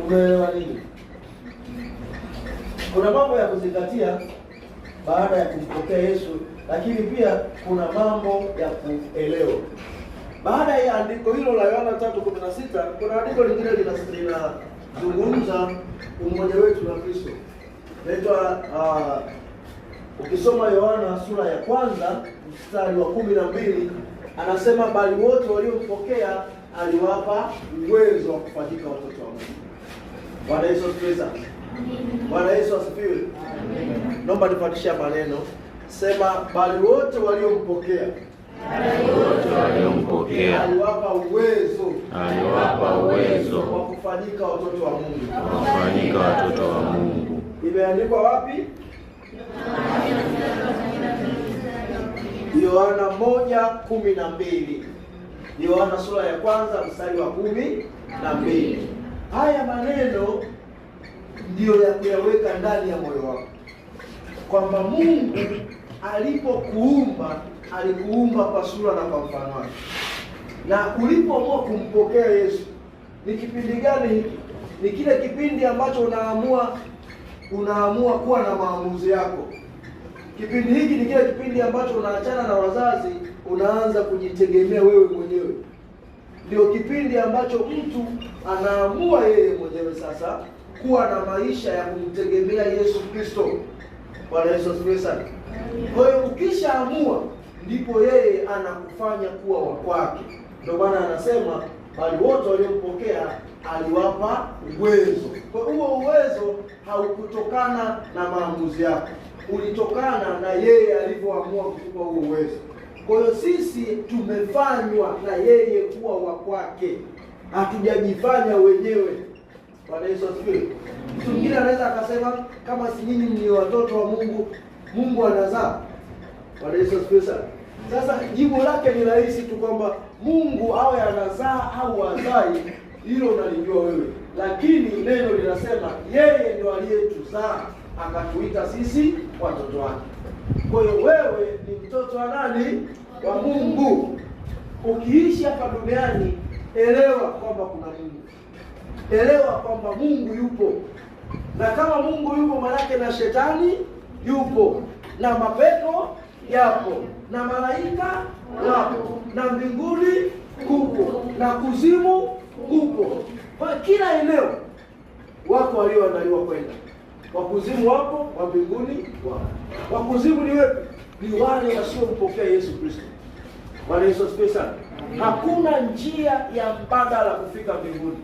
Umeelewa nini? Kuna mambo ya kuzingatia baada ya kumpokea Yesu, lakini pia kuna mambo ya kuelewa. Baada ya andiko hilo la Yohana 3:16 kuna andiko lingine linazungumza umoja wetu na Kristo. Naitwa uh, ah, ukisoma Yohana sura ya kwanza mstari wa kumi na mbili anasema bali wote waliompokea aliwapa uwezo wa kufanyika watoto wa Mungu. Bwana Yesu asifiwe. Bwana Yesu asifiwe. Naomba nipatishe maneno, sema bali wote waliompokea Bali wote waliompokea aliwapa uwezo aliwapa uwezo wa kufanyika watoto wa Mungu wa kufanyika watoto wa Mungu. Imeandikwa wapi? Yohana moja kumi na mbili Yohana sura ya kwanza mstari wa kumi na mbili Haya maneno ndiyo ya kuyaweka ndani ya moyo wako, kwamba Mungu alipokuumba alikuumba kwa sura na kwa mfano wake, na ulipoamua kumpokea Yesu ni kipindi gani hiki? Ni kile kipindi ambacho unaamua unaamua kuwa na maamuzi yako. Kipindi hiki ni kile kipindi ambacho unaachana na wazazi, unaanza kujitegemea wewe mwenyewe ndio kipindi ambacho mtu anaamua yeye mwenyewe sasa kuwa na maisha ya kumtegemea Yesu Kristo. Bwana Yesu asifiwe sana. Kwa hiyo ukishaamua, ndipo yeye anakufanya kuwa wa kwake. Ndio maana anasema bali wote waliompokea aliwapa uwezo. Kwa huo uwezo haukutokana na maamuzi yako, ulitokana na yeye alivyoamua kukupa huo uwezo. Kwa hiyo sisi tumefanywa na yeye kuwa wa kwake, hatujajifanya wenyewe. Bwana Yesu asifiwe. Mtu mwingine anaweza akasema kama si nyinyi ni watoto wa Mungu, Mungu anazaa. Bwana Yesu asifiwe sana. Sasa jibu lake ni rahisi tu kwamba Mungu awe anazaa au azai, hilo unalijua wewe, lakini neno linasema yeye ndio aliyetuzaa akatuita sisi watoto wake. Kwa hiyo wewe ni mtoto wa nani? Wa Mungu. Ukiishi hapa duniani, elewa kwamba kuna Mungu, elewa kwamba Mungu yupo, na kama Mungu yupo, manake na shetani yupo na mapepo yapo na malaika wapo na mbinguni kupo na kuzimu kupo, kwa kila eneo wako walioandaliwa kwenda Wakuzimu wapo, wa mbinguni wapo. Wakuzimu ni wewe, ni wale wasiompokea Yesu Kristo. Bwana Yesu asifiwe sana. Hakuna njia ya mbadala kufika mbinguni.